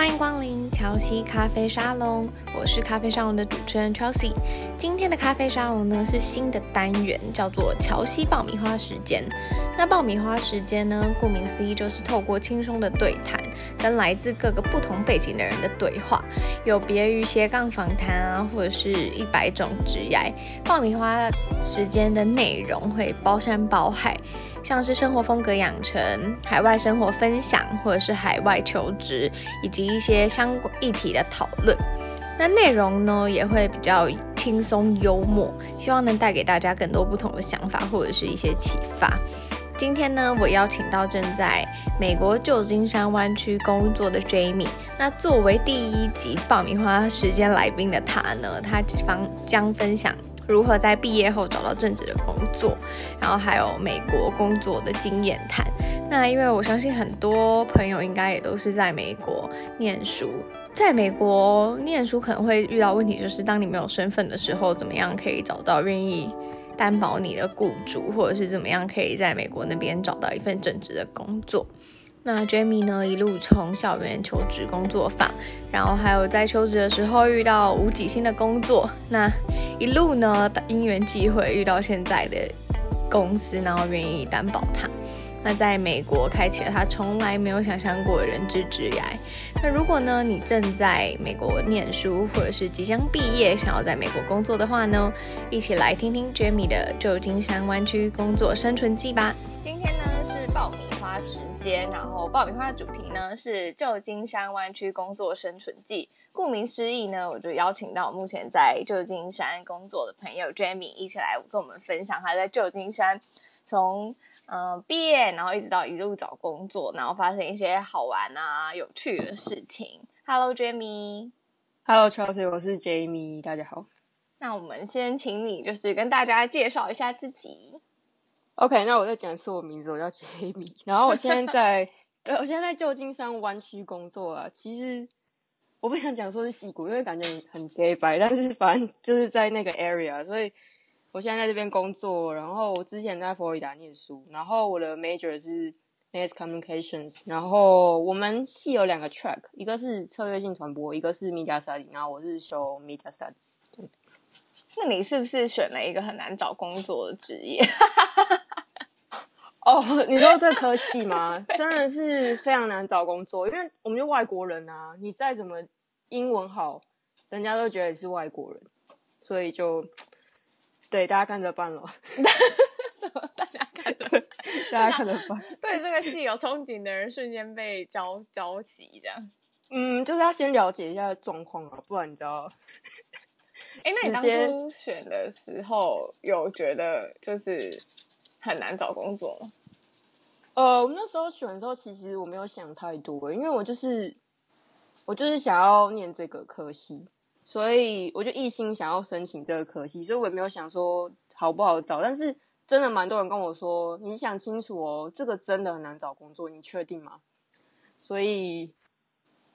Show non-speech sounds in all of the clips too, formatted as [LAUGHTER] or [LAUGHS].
歡迎光臨喬西咖啡沙龍，我是咖啡沙龍的主持人 Chelsea。今天的咖啡沙龍呢，是新的單元，叫做喬西爆米花時間。那爆米花時間呢，顧名思義就是透過輕鬆的對談。跟來自各個不同背景的人的對話，有別於斜槓訪談啊，或者是一百種職業，爆米花時間的內容會包山包海，像是生活風格養成、海外生活分享，或者是海外求職，以及一些相關議題的討論。那內容呢，也會比較輕鬆幽默，希望能帶給大家更多不同的想法，或者是一些啟發。今天呢，我邀請到正在美國舊金山灣區工作的 Jamie。那作為第一集爆米花時間來賓的她呢，她方將分享如何在畢業後找到正職的工作，然後還有美國工作的經驗談。那因為我相信很多朋友應該也都是在美國念書，在美國念書可能會遇到問題，就是當你沒有身份的時候，怎麼樣可以找到願意。擔保你的僱主，或者是怎麼樣，可以在美國那邊找到一份正職的工作。那 Jamie 呢，一路從校園求職工作坊，然後還有在求職的時候遇到無給薪的工作，那一路呢，因緣際會遇到現在的公司，然後願意擔保他。那在美國開啟了他從來沒有想象過的人資職涯。那如果呢，你正在美國念書或者是即將畢業，想要在美國工作的話呢，一起來聽聽 Jamie 的舊金山灣區工作生存記吧。今天呢是爆米花時間，然後爆米花的主題呢是舊金山灣區工作生存記。顧名思義呢，我就邀請到目前在舊金山工作的朋友 Jamie 一起來跟我們分享他在舊金山。從呃畢業，然後一直到一路找工作，然後發生一些好玩啊、有趣的事情。Hello Jamie。Hello Chelsea，我是 Jamie，大家好。那我們先請你就是跟大家介紹一下自己。OK，那我再講說我名字，我叫 Jamie，然後我現在在，呃， [LAUGHS] 我現在在舊金山灣區工作啊。其實我不想講說是矽谷，因為感覺很假掰，但是反正就是在那個 area，所以。我現在在這邊工作，然後我之前在佛羅里達念書，然後我的 major 是 mass communications，然後我們系有兩個 track，一個是策略性傳播，一個是 media study，然後我是修 media studies、就是。那你是不是選了一個很難找工作的職業？哦 [LAUGHS] ，oh, 你說這科系嗎？ [LAUGHS] 對真的是非常難找工作，因為我們是外國人啊，你再怎麼英文好，人家都覺得你是外國人，所以就。對，大家看着辦嘍。怎麼？大家看着，大家看着辦。 [LAUGHS] 着辦對這個系有憧憬的人， [LAUGHS] 瞬間被焦焦起這樣。嗯，就是要先了解一下狀況啊，不然你知道。哎，那你當初選的時候， [LAUGHS] 有覺得就是很難找工作嗎？呃，我那時候選的時候，其實我沒有想太多，因為我就是我就是想要念這個科系。所以我就一心想要申請這個科系，所以我也沒有想說好不好找，但是真的蠻多人跟我說，你想清楚哦，這個真的很難找工作，你確定嗎？所以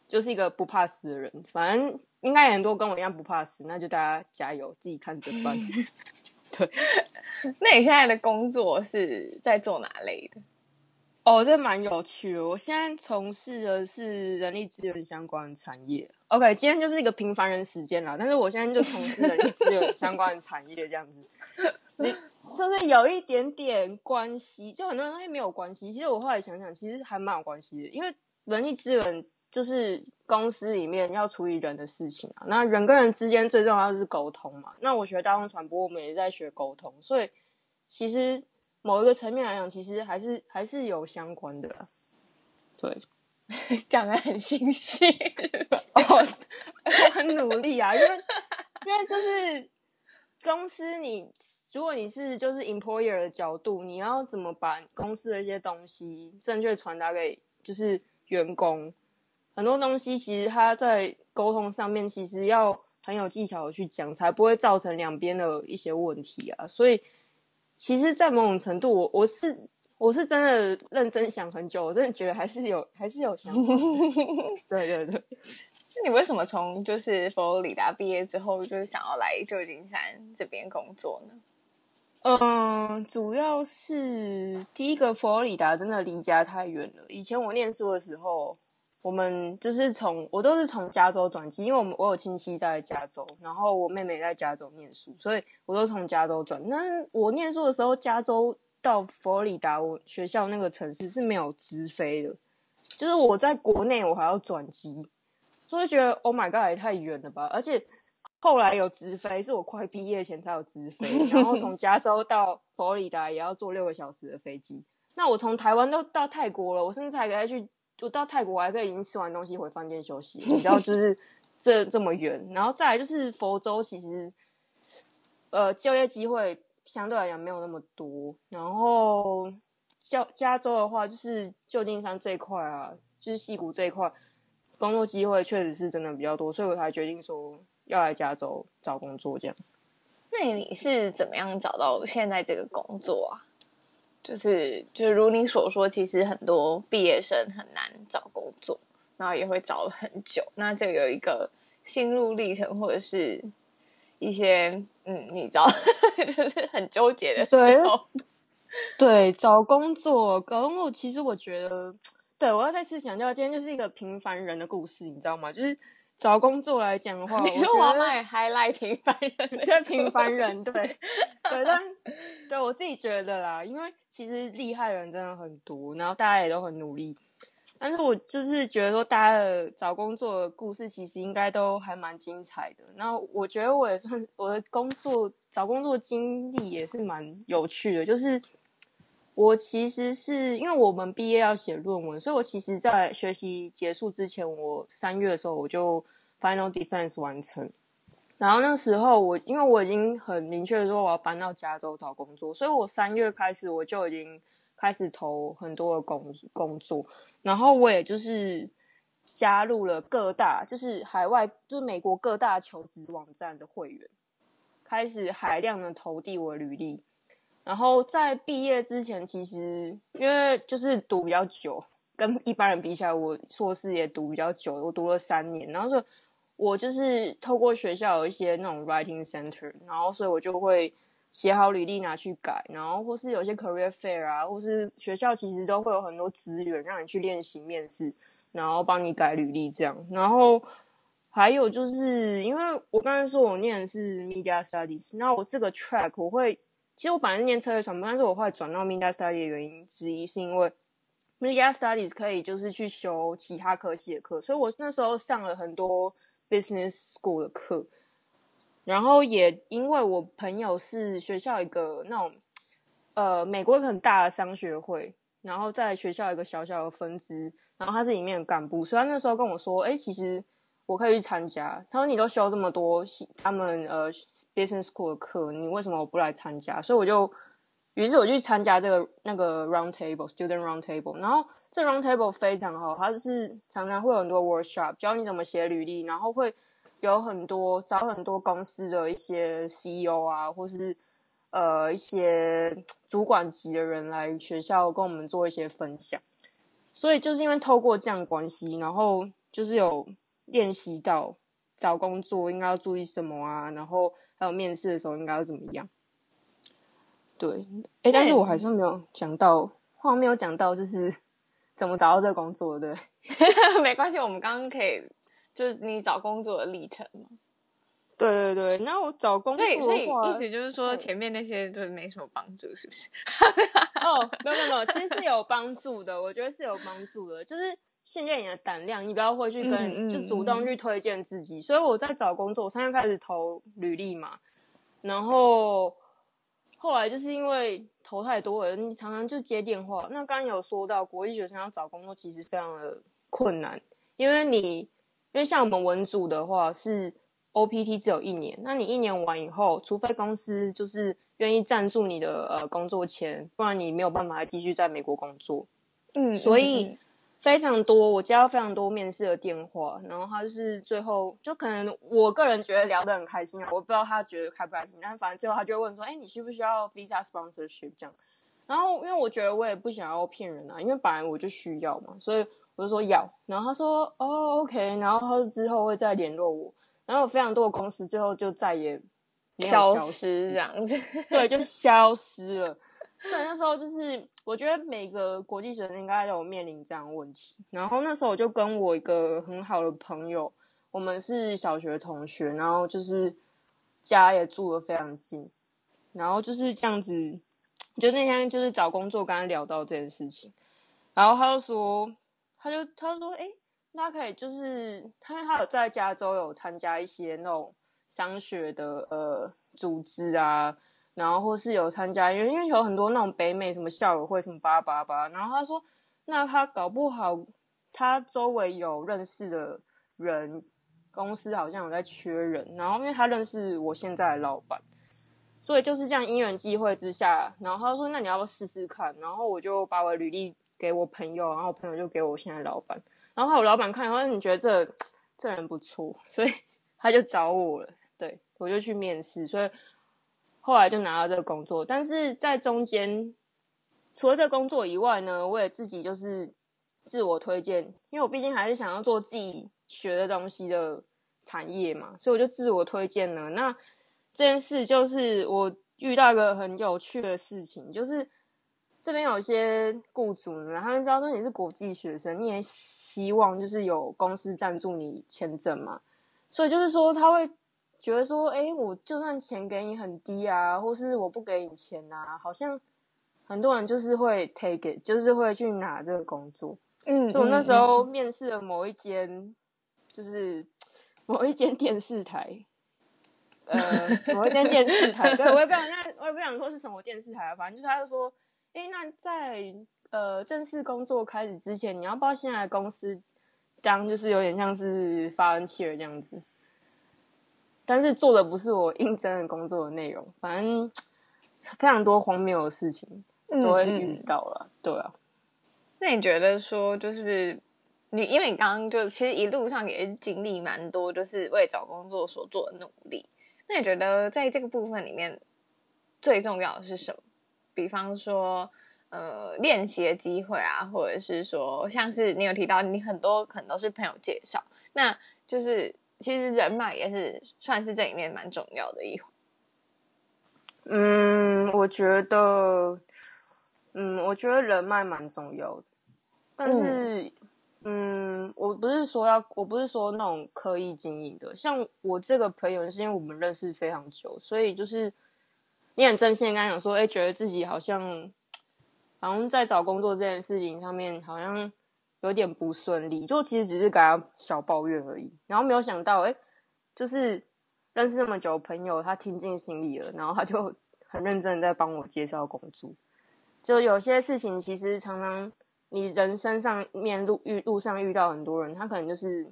就是一個不怕死的人，反正應該也很多跟我一樣不怕死，那就大家加油，自己看着辦。 [LAUGHS] [LAUGHS] 對，那你現在的工作是在做哪類的？哦，這蠻有趣的。我現在從事的是人力資源相關的產業。OK，今天就是一個平凡人時間啦。但是我現在就從事人力資源相關的產業，這樣子，你就 [LAUGHS] 是有一點點關係，就很多東西沒有關係。其實我後來想想，其實還蠻有關係的，因為人力資源就是公司裡面要處理人的事情啊。那人跟人之間最重要的是溝通嘛。那我學大眾傳播，我們也在學溝通，所以其實。某一個層面來講，其實還是還是有相關的。對，講得很清晰。我我很努力啊， [LAUGHS] 因為因為就是公司你，你如果你是就是 employer 的角度，你要怎麼把公司的一些東西正確傳達給就是員工？很多東西其實他在溝通上面，其實要很有技巧的去講，才不會造成兩邊的一些問題啊。所以。其實，在某種程度，我我是我是真的認真想很久，我真的覺得還是有還是有想法。 [LAUGHS] 對對對，那你為什麼從就是佛羅里達畢業之後，就是想要來舊金山這邊工作呢？嗯、呃，主要是第一個佛羅里達真的離家太遠了。以前我念書的時候。我們就是從我都是從加州轉機，因為我們我有親戚在加州，然後我妹妹在加州念書，所以我都從加州轉。但是我念書的時候，加州到佛羅里達，我學校那個城市是沒有直飛的，就是我在國內我還要轉機，所以就是覺得 Oh my God，也太遠了吧！而且後來有直飛，是我快畢業前才有直飛， [LAUGHS] 然後從加州到佛羅里達也要坐六個小時的飛機。那我從台灣都到泰國了，我甚至還可以去。就到泰國，我還可以已經吃完東西回飯店休息。然後就是這 [LAUGHS] 這麼遠，然後再來就是佛州，其實呃就業機會相對來講沒有那麼多。然後加加州的話，就是舊金山這一塊啊，就是矽谷這一塊，工作機會確實是真的比較多，所以我才決定說要來加州找工作這樣。那你是怎麼樣找到現在這個工作啊？就是就是，就如你所說，其實很多畢業生很難找工作，然後也會找很久，那就有一個心路歷程，或者是一些嗯，你知道， [LAUGHS] 就是很糾結的時候。對，對，找工作，找工作，其實我覺得，對我要再次強調，今天就是一個平凡人的故事，你知道嗎？就是。找工作來講的話，啊、你說我賣還賴平凡人，是對平凡人，對 [LAUGHS] 對，但對我自己覺得啦，因為其實厲害的人真的很多，然後大家也都很努力，但是我就是覺得說，大家的找工作的故事其實應該都還蠻精彩的。那我覺得我也算我的工作找工作經歷也是蠻有趣的，就是。我其實是因為我們畢業要寫論文，所以我其實，在學習結束之前，我三月的時候我就 final defense 完成，然後那時候我，因為我已經很明確的說我要搬到加州找工作，所以我三月開始我就已經開始投很多的工工作。然後我也就是加入了各大就是海外就是美國各大求職網站的會員，開始海量的投遞我的履歷。然後在畢業之前，其實因為就是讀比較久，跟一般人比起來，我碩士也讀比較久，我讀了三年。然後就，我就是透過學校有一些那種 writing center，然後所以我就會寫好履歷拿去改，然後或是有些 career fair 啊，或是學校其實都會有很多資源讓你去練習面試，然後幫你改履歷這樣。然後還有就是因為我剛才說我念的是 media studies，那我這個 track 我會。其實我本來是念策略傳播，但是我後來轉到 media studies 的原因之一，是因為 media studies 可以就是去修其他科系的課，所以我那時候上了很多 business school 的課，然後也因為我朋友是學校一個那種呃美國一個很大的商學會，然後在學校一個小小的分支，然後他是裡面的幹部，所以他那時候跟我說，哎，其實。我可以去參加。他說：“你都修這麼多，他們呃，business school 的課，你為什麼我不來參加？”所以我就，於是我就去參加這個那個 round table，student round table。然後這 round table 非常好，他就是常常會有很多 workshop，教你怎麼寫履歷，然後會有很多找很多公司的一些 CEO 啊，或是呃一些主管級的人來學校跟我們做一些分享。所以就是因為透過這樣關係，然後就是有。練習到找工作應該要注意什麼啊？然後還有面試的時候應該要怎麼樣？對，哎，但是我還是沒有講到，話但沒有講到，就是怎麼找到這個工作。對， [LAUGHS] 沒關係，我們剛剛可以就是你找工作的歷程嘛，對對對，那我找工作的，所以所以意思就是說前面那些就沒什麼幫助，對是不是？哦，沒有沒有，其實是有幫助的， [LAUGHS] 我覺得是有幫助的，就是。信任你的膽量，你不要回去跟，嗯嗯、就主動去推薦自己。嗯嗯、所以我在找工作，我現在開始投履歷嘛。然後後來就是因為投太多了，你常常就接電話。那剛剛有說到，國際學生要找工作其實非常的困難，因為你因為像我們文組的話是 OPT 只有一年，那你一年完以後，除非公司就是願意贊助你的呃工作簽，不然你沒有辦法還繼續在美國工作。嗯，所以。嗯非常多，我接到非常多面試的電話，然後他就是最後就可能我個人覺得聊得很開心啊，我不知道他覺得開不開心，但反正最後他就問說，哎，你需不需要 Visa sponsorship 這樣？然後因為我覺得我也不想要騙人啊，因為本來我就需要嘛，所以我就說要。然後他說，哦，OK，然後他之後會再聯絡我。然後非常多的公司最後就再也沒有消失這樣子，消失 對， [LAUGHS] 就消失了。對，那時候就是，我覺得每個國際學生應該都有面臨這樣的問題。然後那時候我就跟我一個很好的朋友，我們是小學同學，然後就是家也住的非常近，然後就是這樣子。就那天就是找工作，跟他聊到這件事情，然後他就說，他就他就說，哎，那可以就是他他有在加州有參加一些那種商學的呃組織啊。然後或是有參加，因為因為有很多那種北美什麼校友會什麼八八八。然後他說，那他搞不好他周圍有認識的人，公司好像有在缺人。然後因為他認識我現在的老闆，所以就是這樣因緣際會之下。然後他說，那你要不要試試看？然後我就把我的履歷給我朋友，然後我朋友就給我現在老闆，然後我老闆看，然後說你覺得這這人不錯，所以他就找我了。對，我就去面試，所以。後來就拿到這個工作，但是在中間，除了這個工作以外呢，我也自己就是自我推薦，因為我畢竟還是想要做自己學的東西的產業嘛，所以我就自我推薦了。那這件事就是我遇到一個很有趣的事情，就是這邊有一些僱主呢，他們知道你是國際學生，你也希望就是有公司贊助你簽證嘛，所以就是說他會。覺得說，哎，我就算錢給你很低啊，或是我不給你錢啊，好像很多人就是會 take it，就是會去拿這個工作。嗯，就我那時候面試的某一間，就是某一間電視台， [LAUGHS] 呃，某一間電視台， [LAUGHS] 對，我也不想，我也不想，也不想說是什麼電視台啊，反正就是他就說，誒，那在呃正式工作開始之前，你要不知現在的公司當就是有點像是 volunteer 這樣子。但是做的不是我應徵的的工作內容，反正非常多荒謬的事情都會遇到了，嗯、對啊。那你覺得說，就是你因為你剛剛就其實一路上也是經歷蠻多，就是為找工作所做的努力。那你覺得在這個部分裡面最重要的是什麼？比方說，呃，練習的機會啊，或者是說，像是你有提到你很多可能都是朋友介紹，那就是。其實人脈也是算是這裡面蠻重要的一環。嗯，我覺得，嗯，我覺得人脈蠻重要的，但是，嗯，嗯，我不是說要，我不是說那種刻意經營的。像我這個朋友，就是因為我們認識非常久，所以就是，你很真心跟他說，哎，覺得自己好像，好像在找工作這件事情上面，好像。有點不順利，就其實只是給他小抱怨而已。然後沒有想到，哎、欸，就是認識那麼久朋友，他聽進心裡了，然後他就很認真的在幫我介紹工作。就有些事情，其實常常你人生上面路遇路上遇到很多人，他可能就是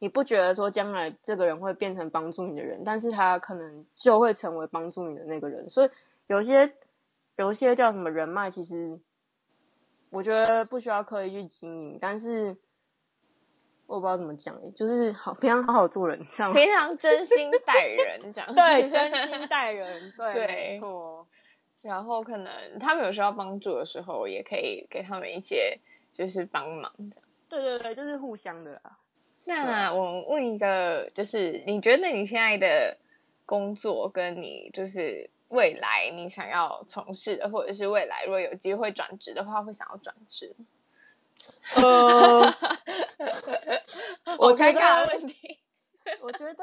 你不覺得說將來這個人會變成幫助你的人，但是他可能就會成為幫助你的那個人。所以有些有些叫什麼人脈，其實。我覺得不需要刻意去經營，但是我不知道怎麼講，就是好非常好好做人，非常真心待人這樣， [LAUGHS] 對，對，真心待人，對，對沒錯。然後可能他們有需要幫助的時候，也可以給他們一些就是幫忙的。對對對，就是互相的啦啊。那、啊、我問一個，就是你覺得你現在的工作跟你就是？未來你想要從事的，或者是未來如果有機會轉職的話，會想要轉職。我覺得問題， [LAUGHS] 我覺得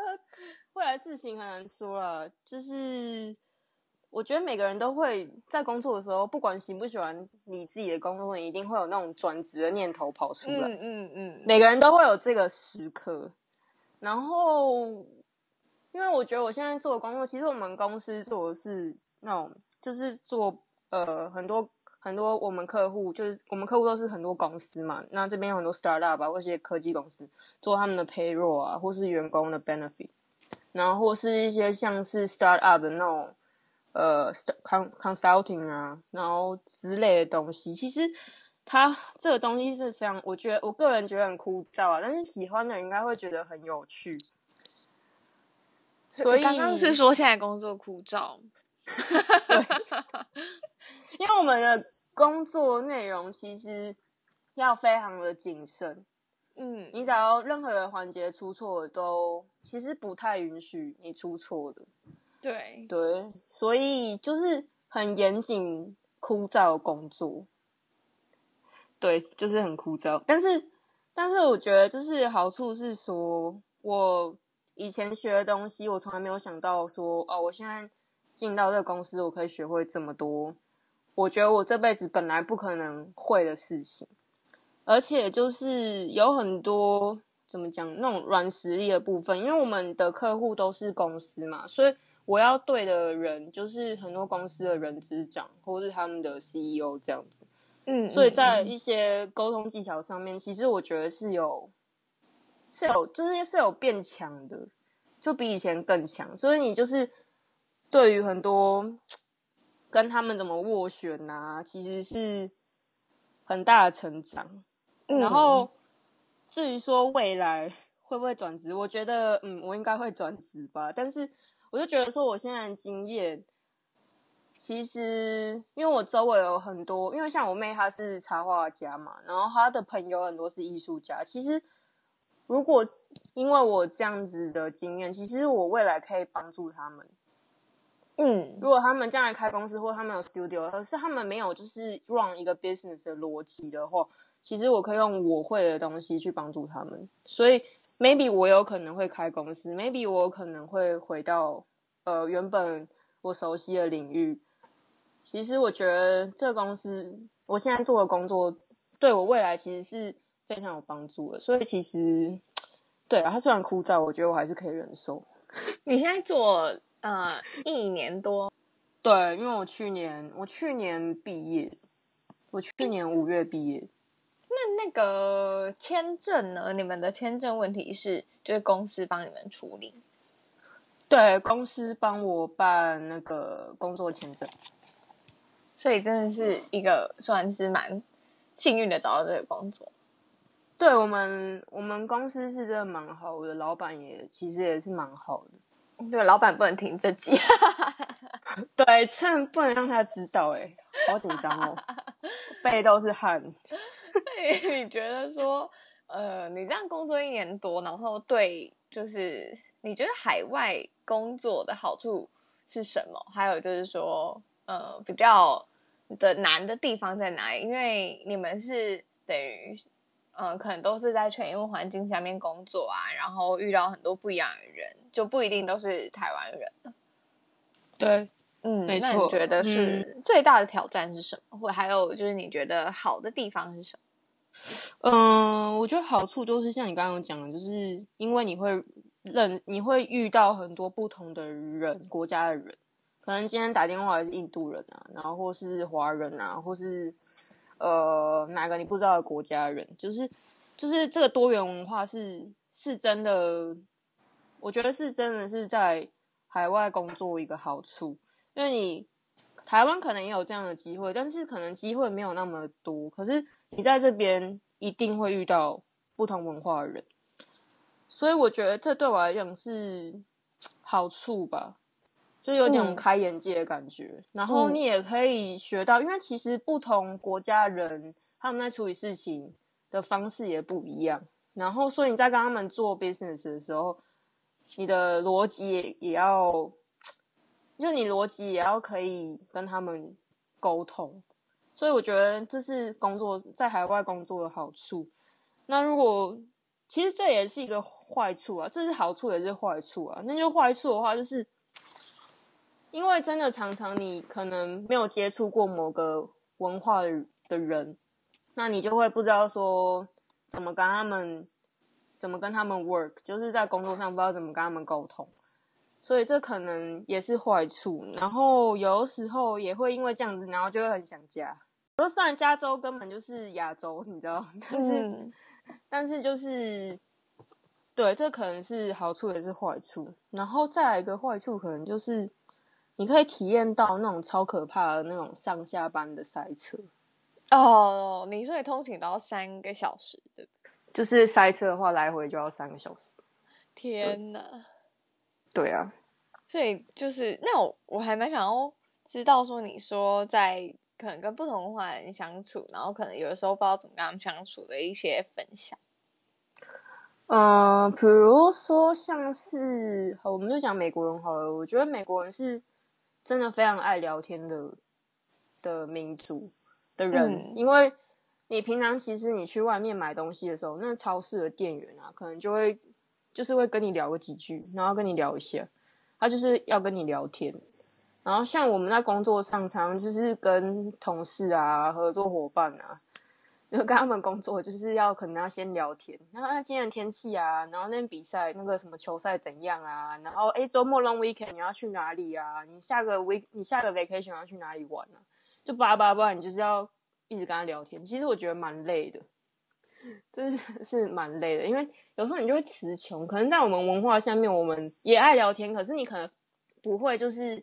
未來事情很難說了。就是我覺得每個人都會在工作的時候，不管喜不喜歡你自己的工作，一定會有那種轉職的念頭跑出來。嗯嗯，嗯嗯，每個人都會有這個時刻，然後。因為我覺得我現在做的工作，其實我們公司做的是那種，就是做呃很多很多我們客戶，就是我們客戶都是很多公司嘛，那這邊有很多 startup 啊，或是一些科技公司做他們的 payroll 啊，或是員工的 benefit，然後或是一些像是 startup 的那種呃 con consulting 啊，然後之類的東西。其實它這個東西是非常，我覺得我個人覺得很枯燥啊，但是喜歡的人應該會覺得很有趣。所以，剛剛是說現在工作枯燥？ [LAUGHS] 對， [LAUGHS] 因為我們的工作內容其實要非常的謹慎，嗯，你找到任何的環節出錯的都其實不太允許你出錯的，對對，所以就是很嚴謹枯，枯燥工作，對，就是很枯燥，但是但是我覺得就是好處是說我。以前學的東西，我從來沒有想到說，哦，我現在進到這個公司，我可以學會這麼多。我覺得我這輩子本來不可能會的事情，而且就是有很多怎麼講那種軟實力的部分，因為我們的客戶都是公司嘛，所以我要對的人就是很多公司的人資長或是他們的 CEO 這樣子。嗯，所以在一些溝通技巧上面，嗯，其實我覺得是有。是有，就是是有變強的，就比以前更強。所以你就是對於很多跟他們怎麼斡旋啊，其實是很大的成長。嗯。然後至於說未來會不會轉職，我覺得，嗯，我應該會轉職吧。但是我就覺得說，我現在的經驗其實，因為我周圍有很多，因為像我妹她是插畫家嘛，然後她的朋友很多是藝術家，其實。如果因為我這樣子的經驗，其實我未來可以幫助他們。嗯，如果他們將來開公司，或他們有 studio，可是他們沒有就是 run 一個 business 的邏輯的話，其實我可以用我會的東西去幫助他們。所以 maybe 我有可能會開公司，maybe 我有可能會回到呃原本我熟悉的領域。其實我覺得這個公司，我現在做的工作，對我未來其實是。非常有幫助的，所以其實對啊，他雖然枯燥，我覺得我還是可以忍受。你現在做呃一年多？對，因為我去年我去年畢業，我去年五月畢業。那那個簽證呢？你們的簽證問題是就是公司幫你們處理？對，公司幫我辦那個工作簽證，所以真的是一個算是蠻幸運的，找到這個工作。對我們，我們公司是真的蠻好的，我的老闆也其實也是蠻好的。對，老闆不能聽這集 [LAUGHS] 對，趁不能讓他知道，欸，哎，好緊張哦， [LAUGHS] 背都是汗。所以你覺得說，呃，你這樣工作一年多，然後對，就是你覺得海外工作的好處是什麼？還有就是說，呃，比較的難的地方在哪裡？因為你們是等於。嗯，可能都是在全英文環境下面工作啊，然後遇到很多不一樣的人，就不一定都是台灣人。對，嗯，沒錯。那你覺得是最大的挑戰是什麼？嗯、或還有就是你覺得好的地方是什麼？嗯，我覺得好處就是像你剛剛講的，就是因為你會認，你會遇到很多不同的人，國家的人，可能今天打電話的是印度人啊，然後或是華人啊，或是。呃，哪個你不知道的國家的人，就是，就是這個多元文化是是真的，我覺得是真的是在海外工作一個好處。因為你台灣可能也有這樣的機會，但是可能機會沒有那麼多，可是你在這邊一定會遇到不同文化的人，所以我覺得這對我來講是好處吧。就有點那種開眼界的感覺，嗯、然後你也可以學到，嗯、因為其實不同國家的人他們在處理事情的方式也不一樣，然後所以你在跟他們做 business 的時候，你的邏輯也也要，就你邏輯也要可以跟他們溝通，所以我覺得這是工作，在海外工作的好處。那如果其實這也是一個壞處啊，這是好處也是壞處啊，那就壞處的話就是。因為真的常常你可能沒有接觸過某個文化的，的人，那你就會不知道說怎麼跟他們怎麼跟他們 work，就是在工作上不知道怎麼跟他們溝通，所以這可能也是壞處。然後有時候也會因為這樣子，然後就會很想家。我說雖然加州根本就是亞洲，你知道，但是、嗯、但是就是對，這可能是好處也是壞處。然後再來一個壞處，可能就是。你可以體驗到那種超可怕的那種上下班的塞車哦，oh, 你是通勤都要三個小時的？對對，就是塞車的話，來回就要三個小時。天吶哪對，對啊，所以就是那我，我還蠻想要知道說，你說在可能跟不同文化人相處，然後可能有的時候不知道怎麼跟他們相處的一些分享。嗯，uh, 比如說像是我們就講美國人好了，我覺得美國人是。真的非常愛聊天的的民族的人，嗯、因為你平常其實你去外面買東西的時候，那超市的店員啊，可能就會就是會跟你聊個幾句，然後跟你聊一下，他就是要跟你聊天。然後像我們在工作上，常常就是跟同事啊、合作夥伴啊。就跟他們工作，就是要可能要先聊天，然後今天的天氣啊，然後那邊比賽那個什麼球賽怎樣啊，然後哎週末 long weekend 你要去哪裡啊？你下個 week 你下個 vacation 要去哪裡玩啊？就叭叭叭，你就是要一直跟他聊天。其實我覺得蠻累的，真、就是是蠻累的，因為有時候你就會詞窮。可能在我們文化下面，我們也愛聊天，可是你可能不會就是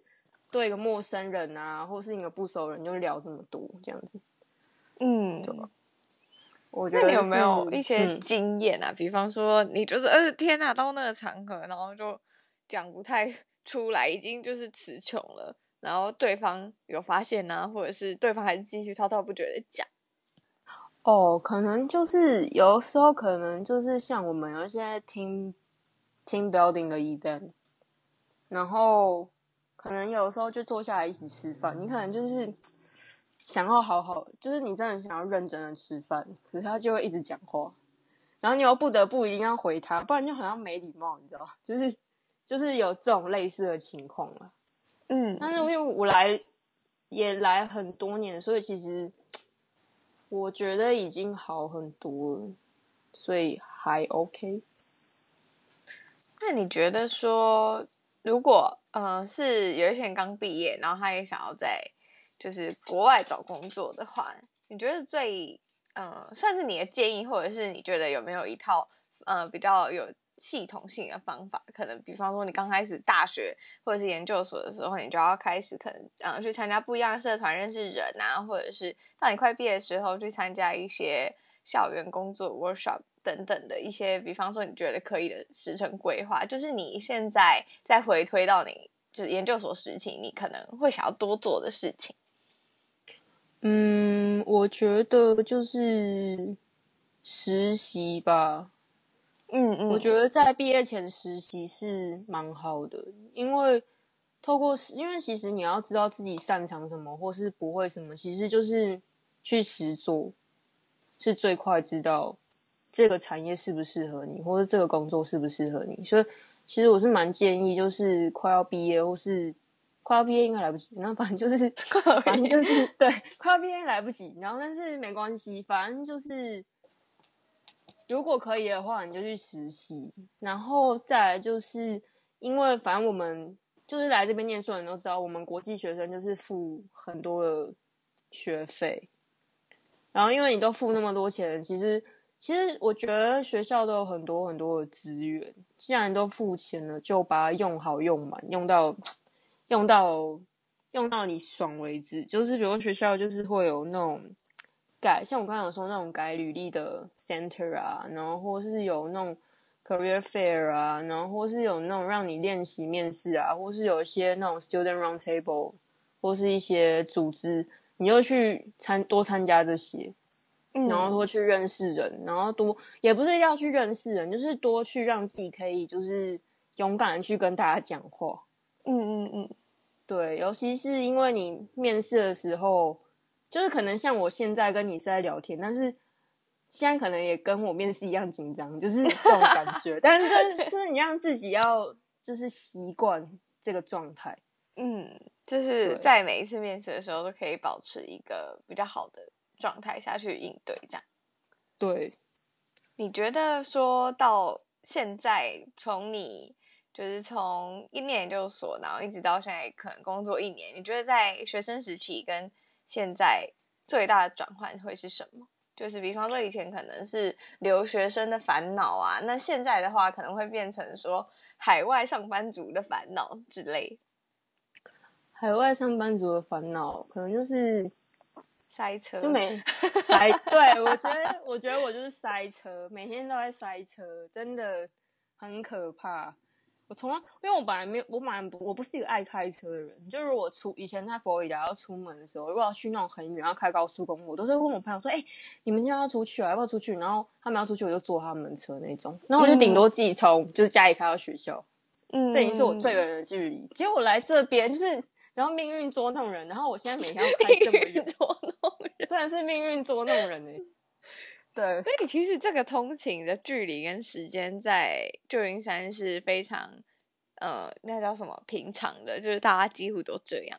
對一個陌生人啊，或是一個不熟人就聊這麼多這樣子。嗯。我覺得你有沒有一些經驗啊？嗯嗯、比方說，你就是呃，天哪、啊，到那個場合，然後就講不太出來，已經就是詞窮了，然後對方有發現呢、啊，或者是對方還是繼續滔滔不絕的講。哦，可能就是有時候，可能就是像我們有一些 team team building 的 event，然後可能有時候就坐下來一起吃飯，你可能就是。想要好好，就是你真的想要認真的吃飯，可是他就會一直講話，然後你又不得不一定要回他，不然就好像沒禮貌，你知道？就是，就是有這種類似的情況了。嗯，但是因為我來也來很多年，所以其實我覺得已經好很多了，所以還 OK。那你覺得說，如果嗯、呃、是有一些人剛畢業，然後他也想要在。就是國外找工作的話，你覺得最嗯、呃、算是你的建議，或者是你覺得有沒有一套呃比較有系統性的方法？可能比方說你剛開始大學或者是研究所的時候，你就要開始可能嗯、呃、去參加不一樣的社團認識人啊，或者是到你快畢業的時候去參加一些校園工作、 [LAUGHS] workshop 等等的一些，比方說你覺得可以的時程規劃。就是你現在再回推到你就是研究所時期，你可能會想要多做的事情。嗯，我覺得就是實習吧。嗯嗯，嗯，我覺得在畢業前實習是蠻好的，因為透過，因為其實你要知道自己擅長什麼或是不會什麼，其實就是去實做，是最快知道這個產業適不適合你，或者這個工作適不適合你。所以其實我是蠻建議，就是快要畢業或是。快要畢業應該來不及，那反正就是反正就是 [LAUGHS] 對，快畢業來不及，然後但是沒關係，反正就是如果可以的話，你就去實習，然後再來就是因為反正我們就是來這邊念書，你都知道，我們國際學生就是付很多的學費，然後因為你都付那麼多錢，其實其實我覺得學校都有很多很多的資源，既然都付錢了，就把它用好用滿，用到。用到用到你爽為止，就是比如學校就是會有那種改，像我剛才有說那種改履歷的 center 啊，然後或是有那種 career fair 啊，然後或是有那種讓你練習面試啊，或是有一些那種 student round table，或是一些組織，你就去參多參加這些，嗯、然後多去認識人，然後多也不是要去認識人，就是多去讓自己可以就是勇敢的去跟大家講話，嗯嗯嗯。對，尤其是因為你面試的時候，就是可能像我現在跟你在聊天，但是現在可能也跟我面試一樣緊張，就是這種感覺。 [LAUGHS] 但是、就是、就是你讓自己要就是習慣這個狀態，嗯，就是在每一次面試的時候都可以保持一個比較好的狀態下去應對，這樣。對，你覺得說到現在，從你。就是從一年研究所，然後一直到現在，可能工作一年。你覺得在學生時期跟現在最大的轉換會是什麼？就是比方說以前可能是留學生的煩惱啊，那現在的話可能會變成說海外上班族的煩惱之類。海外上班族的煩惱可能就是塞車，沒塞。 [LAUGHS] 對，我覺得，我覺得我就是塞車，每天都在塞車，真的很可怕。我從來，因為我本來沒有，我本來不，我不是一個愛開車的人。就是我出以前在佛羅里達要出門的時候，如果要去那種很遠，要開高速公路，我都是問我朋友說：“哎、欸，你們今天要不要出去、啊？要不要出去？”然後他們要出去，我就坐他們車那種。然後我就頂多自己衝，嗯、就是家裡開到學校，嗯，那也是我最遠的距離。結果、嗯、來這邊，就是然後命運捉弄人。然後我現在每天要開這麼遠，真的是命運捉弄人呢。 [LAUGHS] 對，所以其實這個通勤的距離跟時間在舊金山是非常，呃，那叫什麼，平常的，就是大家幾乎都這樣。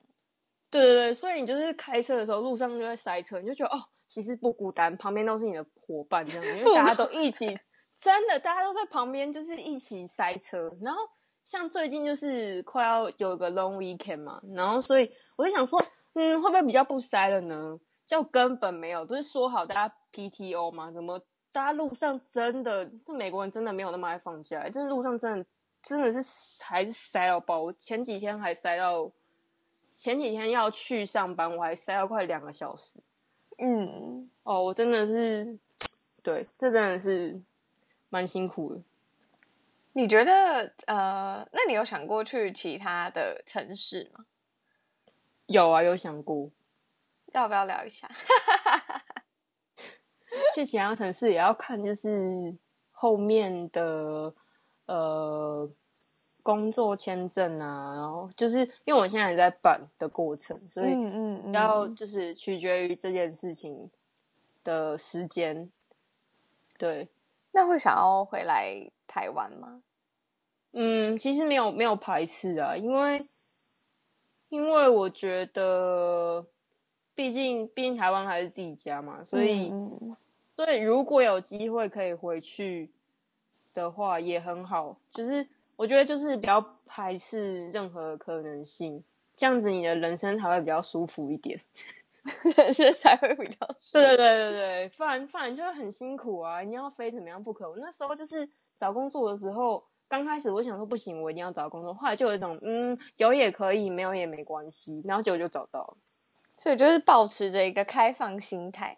對對對，所以你就是開車的時候路上就在塞車，你就覺得哦，其實不孤單，旁邊都是你的夥伴這樣，因為大家都一起， [LAUGHS] 單真的大家都在旁邊就是一起塞車。然後像最近就是快要有個 long weekend 嘛，然後所以我就想說，嗯，會不會比較不塞了呢？就根本沒有，不是說好大家。PTO 嗎？怎麼大家路上真的，這美國人真的沒有那麼愛放假，就是路上真的，真的是還是塞到爆。前幾天還塞到，前幾天要去上班，我還塞到快兩個小時。嗯，哦，我真的是，對，這真的是蠻辛苦的。你覺得呃，那你有想過去其他的城市嗎？有啊，有想過。要不要聊一下？ [LAUGHS] 去其他城市也要看，就是後面的呃工作簽證啊，然後就是因為我現在還在辦的過程，所以嗯嗯，要就是取決於這件事情的時間。嗯嗯、對，那會想要回來台灣嗎？嗯，其實沒有沒有排斥啊，因為因為我覺得，畢竟畢竟台灣還是自己家嘛，所以。嗯對，所以如果有機會可以回去的話，也很好。就是我覺得，就是不要排斥任何可能性，這樣子你的人生才會比較舒服一點， [LAUGHS] 是才會比較舒服。對對對對對，不然不然就是很辛苦啊！你一定要非怎麼樣不可。我那時候就是找工作的時候，剛開始我想說不行，我一定要找工作。後來就有一種嗯，有也可以，沒有也沒關係。然後結果就找到了，所以就是保持着一個開放心態。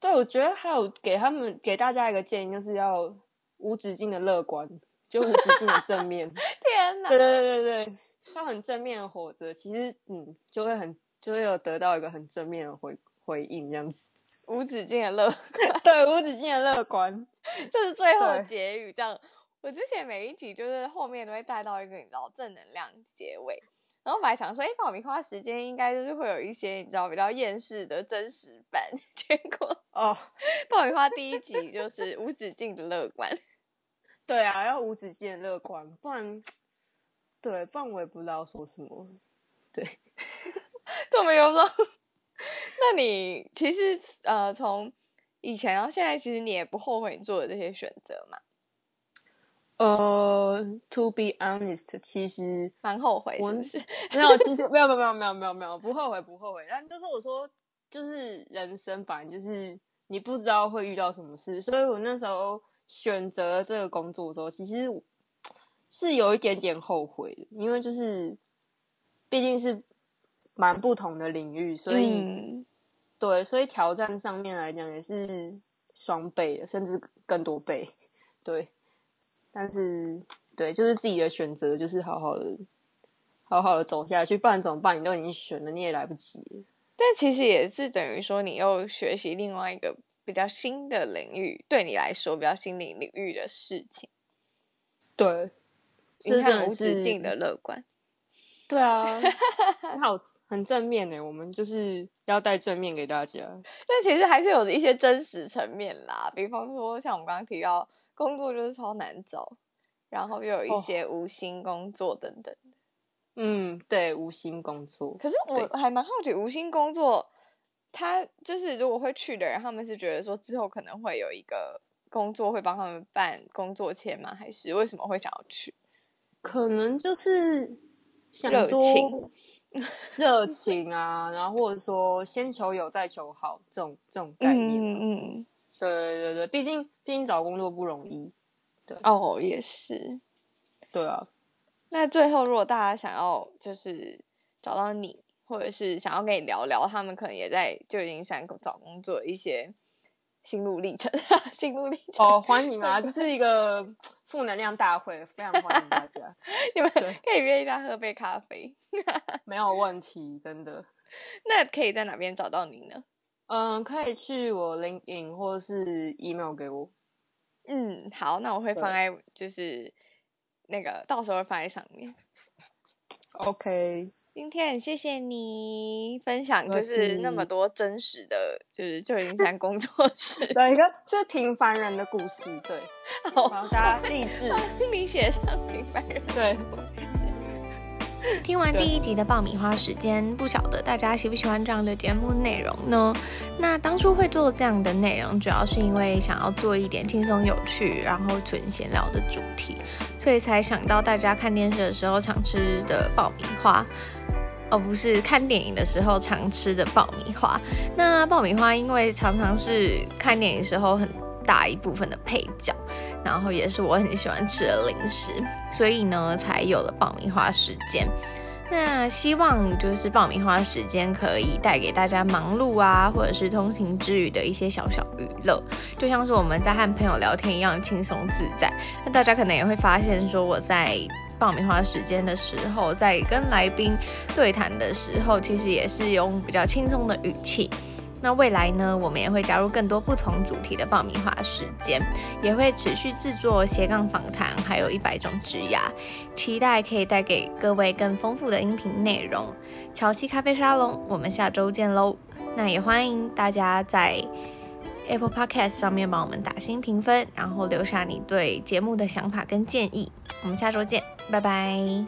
對，我覺得還有給他們給大家一個建議，就是要無止境的樂觀，就無止境的正面。 [LAUGHS] 天哪！對，對對對對，要很正面的活着，其實嗯，就會很就會有得到一個很正面的回回應，這樣子。無止境的樂觀， [LAUGHS] 對，無止境的樂觀， [LAUGHS] 這是最後結語。對這樣，我之前每一集就是後面都會帶到一個你知道正能量結尾。然後我本來想說，哎，爆米花時間應該就是會有一些你知道比較厭世的真實版。結果哦，oh. 爆米花第一集就是無止境的樂觀。 [LAUGHS] 對啊，要無止境的樂觀，不然，對，不然我也不知道說什麼。對， [LAUGHS] 都沒有說。那你其實呃，從以前然後現在，其實你也不後悔你做的這些選擇嘛？呃，uh，To be honest，其實蠻後悔是不是。我，沒有，其實沒有， [LAUGHS] 沒有，沒有，沒有，沒有，不後悔，不後悔。但就是我說，就是人生反正就是你不知道會遇到什麼事，所以我那時候選擇這個工作的時候，其實是有一點點後悔的，因為就是畢竟是蠻不同的領域，所以、嗯、對，所以挑戰上面來講也是雙倍，甚至更多倍，對。但是，對，就是自己的選擇，就是好好的，好好的走下去，不然怎麼辦？你都已經選了，你也來不及。但其實也是等於說，你又學習另外一個比較新的領域，對你來說比較新的領域的事情。對，你看，無止境的樂觀。對啊， [LAUGHS] 很好，很正面呢，我們就是要帶正面給大家。但其實還是有一些真實層面啦，比方說像我們剛剛提到。工作就是超難找，然後又有一些無薪工作等等，哦、嗯，對，無薪工作。可是我還蠻好奇，對無薪工作，他就是如果會去的人，他們是覺得說之後可能會有一個工作會幫他們辦工作簽嗎？還是為什麼會想要去？可能就是想，熱情，熱情啊！ [LAUGHS] 然後或者說先求有，再求好這種這種概念，啊嗯。嗯。對對對對，畢竟畢竟找工作不容易，對，哦，也是，對啊。那最後，如果大家想要就是找到你，或者是想要跟你聊聊，他們可能也在舊金山找工作一些心路歷程， [LAUGHS] 心路歷程。哦，歡迎啊，這 [LAUGHS] 是一個負能量大會，非常歡迎大家。 [LAUGHS] 你們可以約一下喝杯咖啡， [LAUGHS] 沒有問題，真的。那可以在哪邊找到你呢？嗯，可以去我 LinkedIn 或是 email 給我。嗯，好，那我會放在就是對那個到時候會放在上面。OK，今天很謝謝你分享，就是那麼多真實的，是就是就已經在工作室有 [LAUGHS] 一個是平凡人的故事，對，好，大家勵志， [LAUGHS] 你寫上平凡人，對。聽完第一集的爆米花時間，不曉得大家喜不喜歡這樣的節目內容呢？那當初會做這樣的內容，主要是因為想要做一點輕鬆有趣，然後純閒聊的主題，所以才想到大家看電視的時候常吃的爆米花，哦，不是看電影的時候常吃的爆米花。那爆米花因為常常是看電影時候很大一部分的配角。然後也是我很喜歡吃的零食，所以呢，才有了爆米花時間。那希望就是爆米花時間可以帶給大家忙碌啊，或者是通勤之餘的一些小小娛樂，就像是我們在和朋友聊天一樣輕鬆自在。那大家可能也會發現，說我在爆米花時間的時候，在跟來賓對談的時候，其實也是用比較輕鬆的語氣。那未來呢，我們也會加入更多不同主題的爆米花時間，也會持續製作斜槓訪談，還有一百種職涯，期待可以帶給各位更豐富的音頻內容。喬西咖啡沙龍，我們下周見嘍！那也歡迎大家在 Apple Podcast 上面幫我們打新評分，然後留下你對節目的想法跟建議。我們下周見，拜拜。